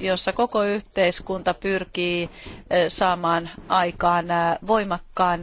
jossa koko yhteiskunta pyrkii saamaan aikaan voimakkaan